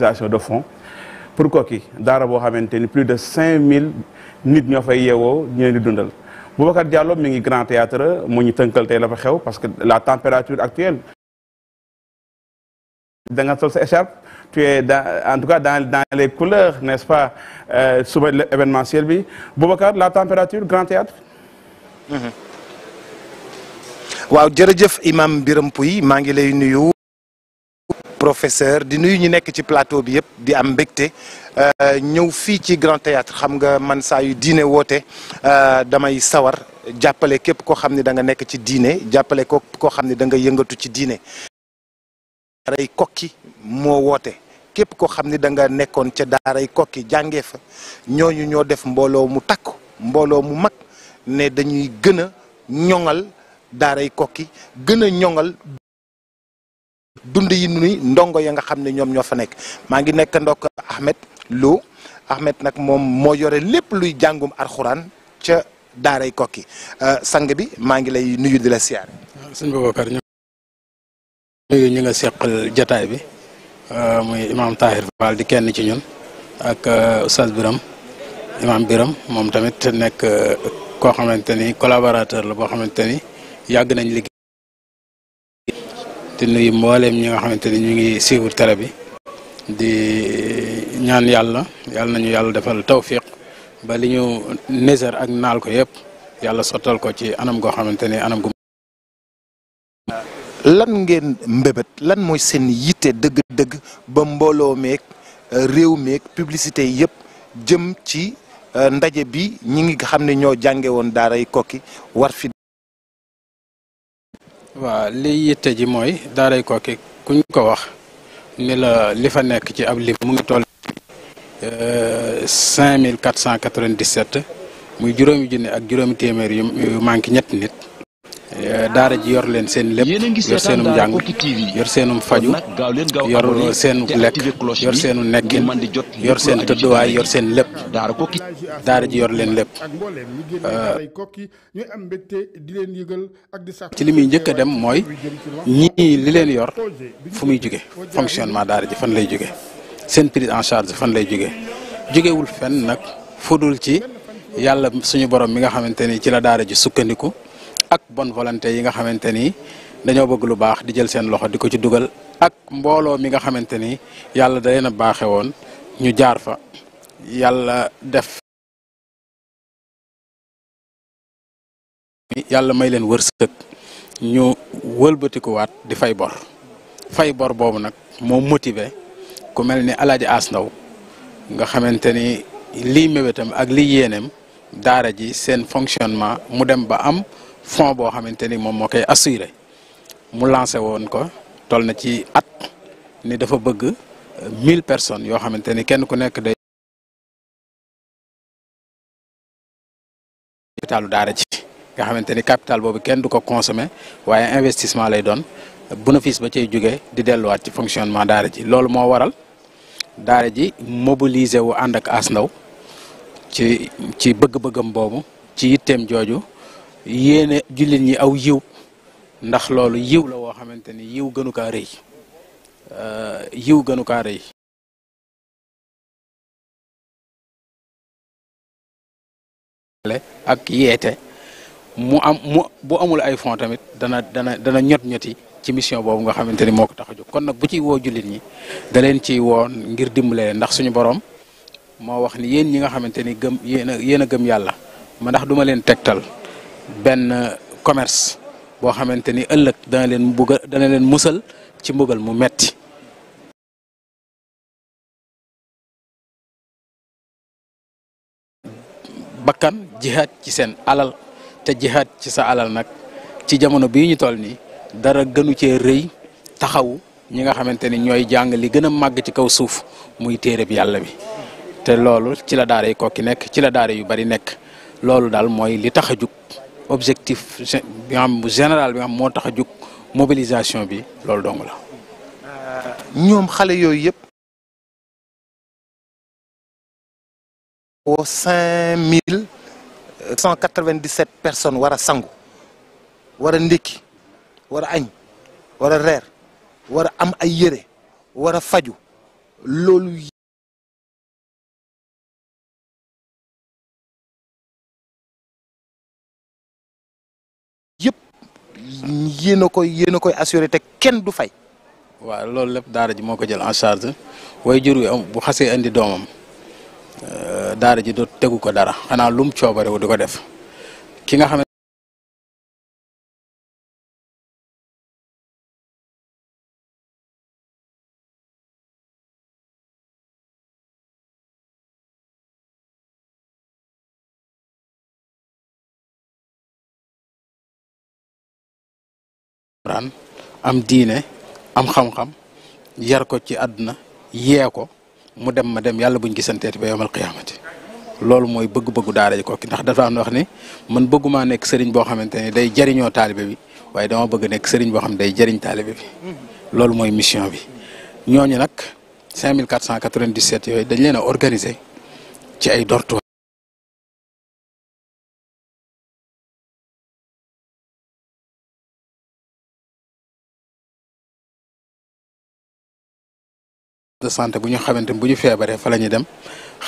mobilisation de fonds pour Koki daara boo xamante ni plus de 5000 nit ñoo fay yewoo ñu leen di dundal Boubacar Diallo mi ngi grand théâtre mu ñu tënkal tey la fa xew parce que la température actuelle da nga sol sa écharpe tu es dans en tout cas dans dans les couleurs n'est-ce pas euh, suba événementiel bi Boubacar la température grand théâtre mm-hmm. waaw jërëjëf imam Biram Pouy lay nuyu professeur di nuyu ñu nekk ci plateau bi yëpp di am mbégte euh, ñëw fii ci Grand Théâtre xam nga man saa yu diine woote euh, damay sawar jàppale képp koo xam ne da nga nekk ci diine jàppale ko koo xam ne da nga yëngatu ci diine daaray kokki moo woote képp koo xam ne da nga nekkoon ca daaray kokki jànge fa ñooñu ñoo def mbooloo mu takku mbooloo mu mag ne dañuy gën a ñoŋal daaray kokki gën ñoŋal dund yi nuy ndongo ya nga xam ne ñoom ñoo fa nekk maa ngi nekk ndokk Ahmed Lo Ahmed nag moom moo yore lépp luy jàngum alxuraan ca daaray kokki euh, sang bi maa ngi lay nuyu di la siyaar ah, sëñ Babacar ñu nuyu ñu nga seqal jataay bi euh, muy imaam Tahir Fall di kenn ci ñun ak euh, Oustaz Biram imaam Biram moom tamit nekk koo xamante ni collaborateur la boo xamante ni yàgg nañ liggéey di nuyu mbooleem ñi nga xamante ni ñu ngi siiwul télé bi di ñaan yàlla yàlla nañu yàlla defal tawfiq ba li ñu néser ak naal yëpp yàlla sottal ko ci anam goo xamante ni anam lan ngeen mbébét lan mooy seen yitte dëgg-dëgg ba mbooloo meeg réew meeg publicité yëpp jëm ci euh, ndaje bi ñi ngi xam ne ñoo jànge woon daaray kokki war fi waaw liy yitte ji mooy daaray Koki kuñ ko wax ni la li fa nekk ci ab lim mu ngi toll 5497 euh, muy juróomi junne ak juróomi téeméer yu manqué ñetti nit Eh, daara ji yor leen seen lépp yor seenum njàng yor seenum faju yor seenu lekk yor seenu nekkin yor seen tëdduwaay yor seen lépp daara ji yor leen lépp eh, ci li muy njëkk a dem mooy ñii li leen yor fu muy jóge fonctionnement daara ji fan lay jóge seen en charge fan lay jóge jógewul fenn nag fudul ci yàlla suñu borom mi nga xamante ni ci la daara ji sukkandiku ak bon volonté yi nga xamante ni dañoo bëgg lu baax di jël seen loxo di ko ci dugal ak mbooloo mi nga xamante ni yàlla da leen a baaxe woon ñu jaar fa yàlla def yàlla may leen wërsëg ñu wëlbatikuwaat di fay bor fay bor boobu nag moom motiver ku mel ni alaaji As Ndaw nga xamante ni lii mébétam ak lii yéeneem daara ji seen fonctionnement mu dem ba am fonds boo xamante ni moom moo koy assuré mu lancé woon ko toll na ci at ni dafa bëgg euh, mille personnes yoo xamante ni kenn ku nekk day capitalu daara ci nga xamante ni capital boobu kenn du ko consomé waaye investissement lay doon bénéfice ba cay jóge di delluwaat ci fonctionnement daara ji loolu moo waral daara ji mobiliser wu ànd ak as ndaw ci ci bëgg-bëggam boobu ci yitteem jooju yéene jullit ñi aw yiw ndax loolu yiw la woo xamante ni yiw gënu kaa rëy euh, yiw ak yeete mu am mu bu amul ay fonds tamit dana dana dana ñot ñoti ci mission boobu nga xamante ni moo ko tax a jóg kon nag bu ciy woo jullit ñi daleen leen ciy woon ngir dimble ndax suñu boroom moo wax ni yéen ñi nga xamante ni gëm yéen a gëm yàlla ma ndax duma leen tegtal benn commerce boo xamante ni ëllëg dana leen mbugal dana leen musal ci mbugal mu metti bakkan jihaat ci seen alal te jihaat ci sa alal nag ci jamono bii ñu toll nii dara gënu cee rëy taxawu ñi nga xamante ni ñooy jàng li gën a màgg ci kaw suuf muy téereb yàlla bi te loolu ci la daara yi kokki nekk ci la daara yu bari nekk loolu daal mooy li tax a jug objectif général bi nga moo tax a jóg mobilisation bi loolu dong la. Euh, ñoom xale yooyu yëpp. cinq mille cent quatre-vingt-dix-sept personnes war a sangu war a ndékki war a añ war a reer war a am ay yére war a faju loolu. yéen a koy yéen a koy assuré te kenn du fay. waaw loolu lépp daara ji moo ko jël en charge way jur wi am bu xasee indi doomam euh, daara ji do tegu ko dara xanaa lum coobare wu di ko def ki nga xam alxuraan am diine am xam-xam yar ko ci àdduna yee ko mu dem ma dem yàlla buñ gisanteeti ba yowmal qiyaamati loolu mooy bëgg-bëggu daara ji Koki ndax dafa am wax ni man bëggumaa nekk sëriñ boo xamante ne day jariñoo taalibe bi waaye dama bëgg nekk sëriñ boo xam ne day jariñ taalibe bi loolu mooy mission bi ñooñu nag 5497 yooyu dañ leen a organiser ci ay dortoir de santé bu ñu feebaree fa la dem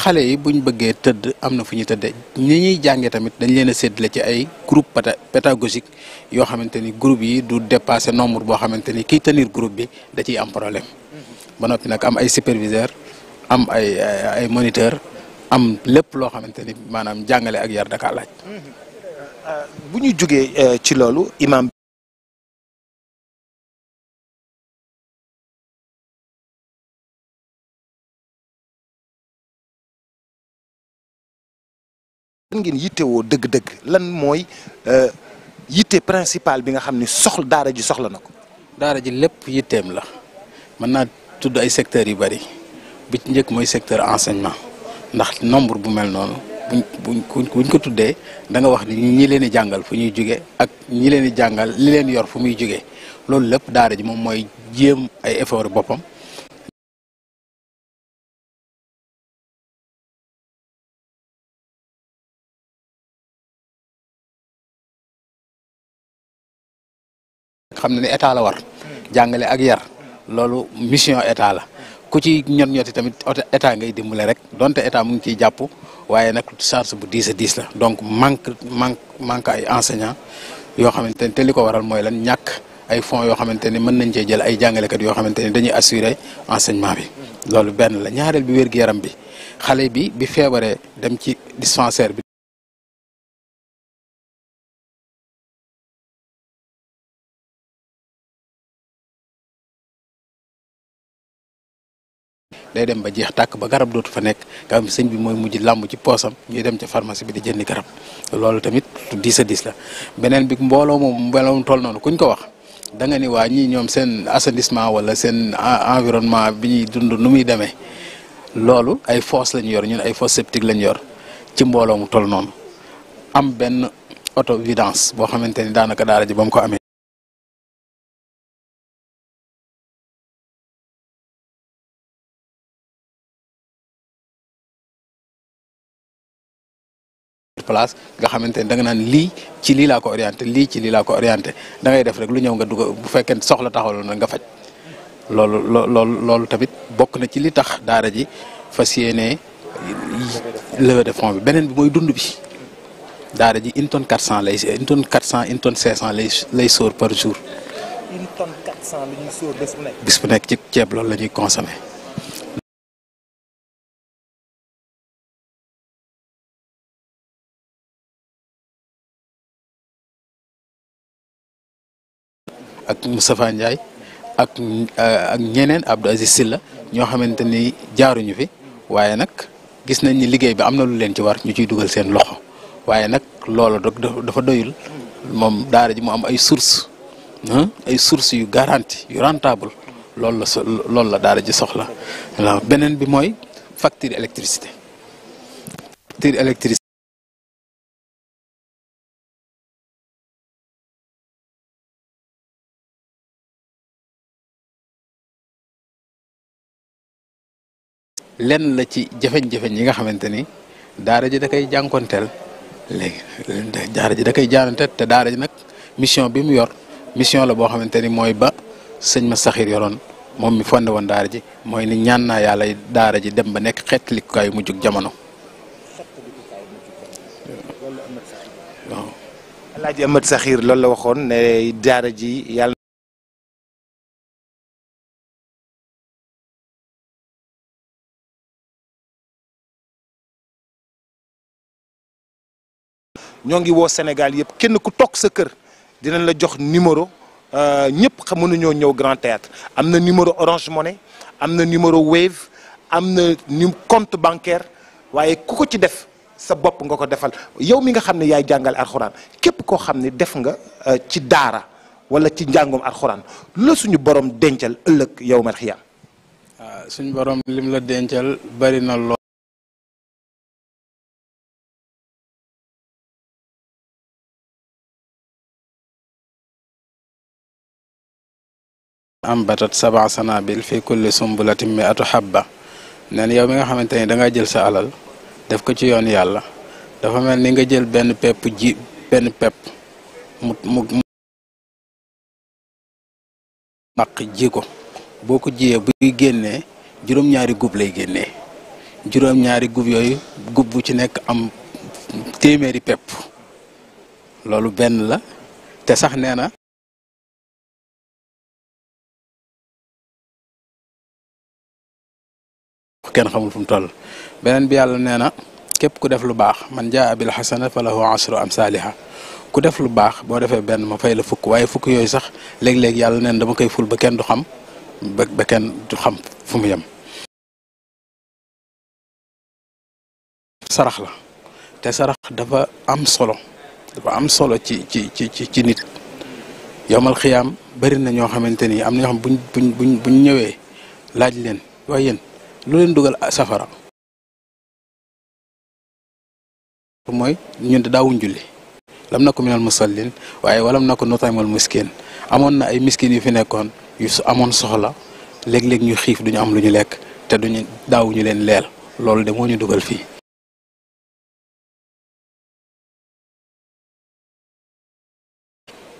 xale yi bu ñu bëggee tëdd am na fu ñuy tëddee ñi ñuy jàngee tamit dañ leen a séddale ci ay groupe pédagogique yoo xamante ni groupe yi du dépasser nombre boo xamante ni kiy tenir groupe bi da am problème ba noppi nag am ay superviseur am ay ay moniteur am lépp loo xamante ni maanaam jàngale ak yar dakaa laaj euh, bu ñu jugee euh, ci loolu imam lan ngeen yittewoo dëgg-dëgg lan mooy euh, yitte principal bi nga xam ni soxla daara ji soxla na ko. daara ji lépp yitteem la mën naa tudd ay secteurs yu bari bi ci njëkk mooy secteur enseignement ndax nombre bu mel noonu buñ buñ buñ ko tuddee da nga wax ni ñi leen di jàngal fu ñuy jóge ak ñi leen di jàngal li leen yor fu muy jóge loolu lépp daara ji moom mooy jéem ay effort boppam. xam ne ne état la war jàngale ak yar loolu mission état la ku ci ñot ñoti tamit état ngay dimbale rek donte état mu ngi ciy jàpp waaye nag charge bu diis a diis la donc manque manque manque ay enseignants yoo xamante ne te li ko waral mooy lan ñàkk ay fonds yoo xamante ne mën nañ cee jël ay jàngalekat yoo xamante ne dañuy assurer enseignement bi loolu benn la ñaareel bi wér-gu-yaram bi xale bi bi feebaree dem ci dispensaire bi day dem ba jeex tàkk ba garab dootu fa nekk nga xam sëñ bi mooy mujj làmb ci poosam ñuy dem ca pharmacie bi di jëndi garab loolu tamit diis a diis la beneen bi mbooloo moom mbooloo toll noonu kuñ ko wax danga ni waa ñii ñoom seen assainissement wala seen environnement bi ñuy dund nu muy demee loolu ay fosse lañ yor ñun ay fosse septique lañ yor ci mbooloo mu toll noonu am benn auto vidance boo xamante ni daanaka daara ji ba mu ko amee place nga xamante ne da nga naan lii ci lii laa ko orienté lii ci lii laa ko orienté dangay def rek lu ñëw nga dugg bu fekkee soxla taxawal na nga faj loolu loolu loolu tamit bokk na ci li tax daara ji fas yéenee levée de fonds bi beneen bi mooy dund bi daara ji une tonne quatre cent lay une tonne quatre cent une tonne cinq lay lay sóor par jour. une tonne quatre cent la ñuy sóor bu nekk. ci ceeb loolu la ñuy consommé. ak Moustapha Ndiaye ak euh, ak ñeneen Abdou Aziz la ñoo xamante ni jaaruñu fi waaye nag gis nañ ni liggéey bi am na lu leen ci war ñu ciy dugal seen loxo waaye nag loolu dafa doyul moom daara ji mu am ay source ay source yu garanti yu rentable loolu la so loolu daara ji soxla beneen bi mooy facture facture électricité lenn la ci jafeñ-jafeñ yi nga xamante ni daara ji dakay koy jànkonteel léegi daara ji da koy jaanante te daara ji nag mission bi mu yor mission la boo xamante ni mooy ba sëñ ma saxiir yoroon moom mi fonde woon daara ji mooy ni ñaan naa yàlla daara ji dem ba nekk xeetlikukaayu mujjug jamono. waaw. Alaaji Amat ñoo ngi woo Sénégal yëpp kenn ku toog sa kër dinañ la jox numéro euh, ñëpp xam mënuñoo ñëw Grand Théâtre am na numéro Orange Money am na numéro Wave am na nu compte bancaire waaye ku ko ci def sa bopp nga ko defal yow mi nga xam ne yaay jàngal alxuraan képp koo xam ne def nga euh, ci daara wala ci njàngum alxuraan la suñu borom dencal ëllëg yow mal xiyaam. waaw ah, suñu borom lim la dencal bari na lool. ambatat sabaa sanabil fi kulli sumbulatin mi'atu habba nee na yow mi nga xamante ni da jël sa alal def ko ci yoon yàlla dafa mel ni nga jël benn pepp ji benn pepp mu mu maq ji ko boo ko jiyee buy génnee juróom-ñaari gub lay génnee juróom-ñaari gub yooyu gub bu ci nekk am téeméeri pepp loolu benn la te sax nee kenn xamul fu mu toll beneen bi yàlla nee na képp ku def lu baax man jaa abil xasana falahu asru am saaliha ku def lu baax boo defee benn ma fay la fukk waaye fukk yooyu sax léeg-léeg yàlla neen dama koy ful ba kenn du xam ba kenn du xam fu mu yem sarax la te sarax dafa am solo dafa am solo ci ci ci ci nit yomal xiyaam bëri na ñoo xamante ni am na ñoo xam buñ buñ buñ buñ ñëwee laaj leen waaye yéen lu leen dugal safara mooy ñun de daawuñ julli lam na ko minal musallin waaye walam na ko nutaymal miskin amoon na ay miskin yu fi nekkoon yu su amoon soxla léeg-léeg ñu xiif duñu am lu ñu lekk te duñu daawuñu leen leel loolu de moo ñu dugal fii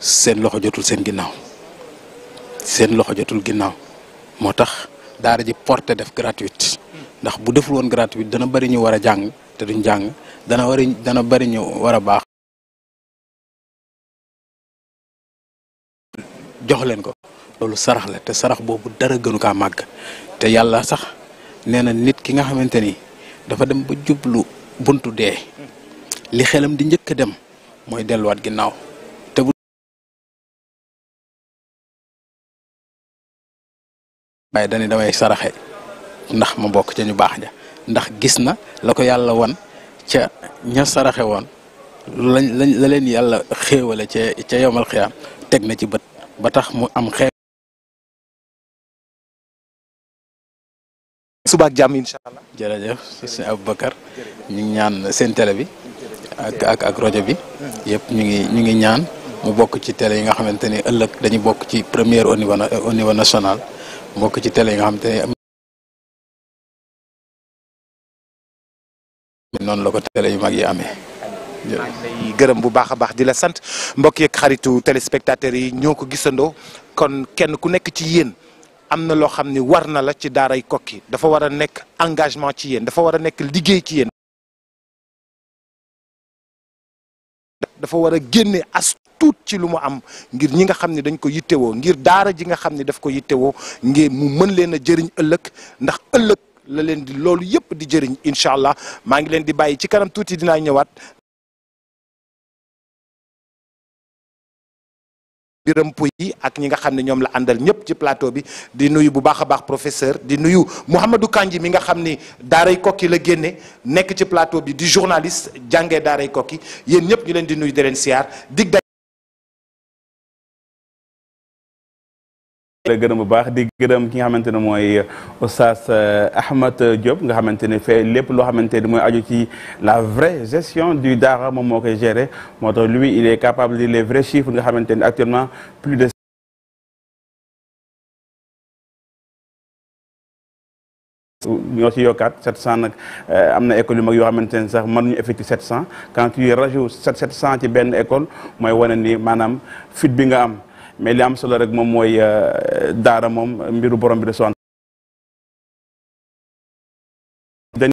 seen loxo jotul seen ginnaaw seen loxo jotul ginnaaw moo tax daara ji porté def gratuite ndax bu deful woon gratuite dana bari ñu war a jàng te duñ jàng dana war dana bari ñu war a baax jox leen ko loolu sarax la te sarax boobu dara gënu kaa màgg te yàlla sax nee na nit ki nga xamante ni dafa dem ba jublu buntu dee li xelam di njëkk a dem mooy delluwaat ginnaaw waaye dañu damay saraxe ndax ma bokk ca ñu baax ja ndax gis na la ko yàlla wan ca ña saraxe woon lañ lañ la leen yàlla xéewale ca ca yomal xiyaam teg na ci bët ba tax mu am xeew suba ak jàmm incha allah jërëjëf sëñ Aboubacar ñu ngi ñaan seen télé bi ak ak ak rajo bi yëpp ñu ngi ñu ngi ñaan mu bokk ci télé yi nga xamante ni ëllëg dañu bokk ci première au niveau au niveau national bokk ci télé yi nga xam te noonu la ko yu mag yi amee gërëm bu baax a baax di la sant mbokk yeeg xaritu téléspectateurs yi ñoo ko gisandoo kon kenn ku nekk ci yéen am na loo xam ni war na la ci daaray Koki dafa war a nekk engagement ci yéen dafa war a nekk liggéey ci yéen dafa war a génne as tuut ci lu mu am ngir ñi nga xam ne dañ ko yittewoo ngir daara ji nga xam ne daf ko yittewoo ngir mu mën leen a jëriñ ëllëg ndax ëllëg la leen di loolu yëpp di jëriñ incha allah maa ngi leen di bàyyi ci kanam tuuti dinaa ñëwaat Biram Pouy ak ñi nga xam ne ñoom la àndal ñëpp ci plateau bi di nuyu bu baax a baax professeur di nuyu Mouhamadou Kandji mi nga xam ni daaray kokki la génne nekk ci plateau bi di journaliste jàngee daaray kokki yéen ñëpp ñu leen di nuyu di leen siyaar dig la gërëm bu baax di gërëm ki nga xamante ne mooy euh, Oustaz euh, Ahmed Diop nga xamante ne fee lépp loo xamante ne mooy aju ci la vraie gestion du daara moom moo koy gérer moo tax lui il est capable de les vrais chiffres nga xamante ne actuellement plus de ñoo ci yokkaat 700 nag euh, am na école yu mag yoo xamante ne sax mënuñu effectuer 700 quand tu rajoutes 700 ci benn école mooy wane ni maanaam fit bi nga am mais li am solo rek moom mooy euh, daara moom mbiru borom bi de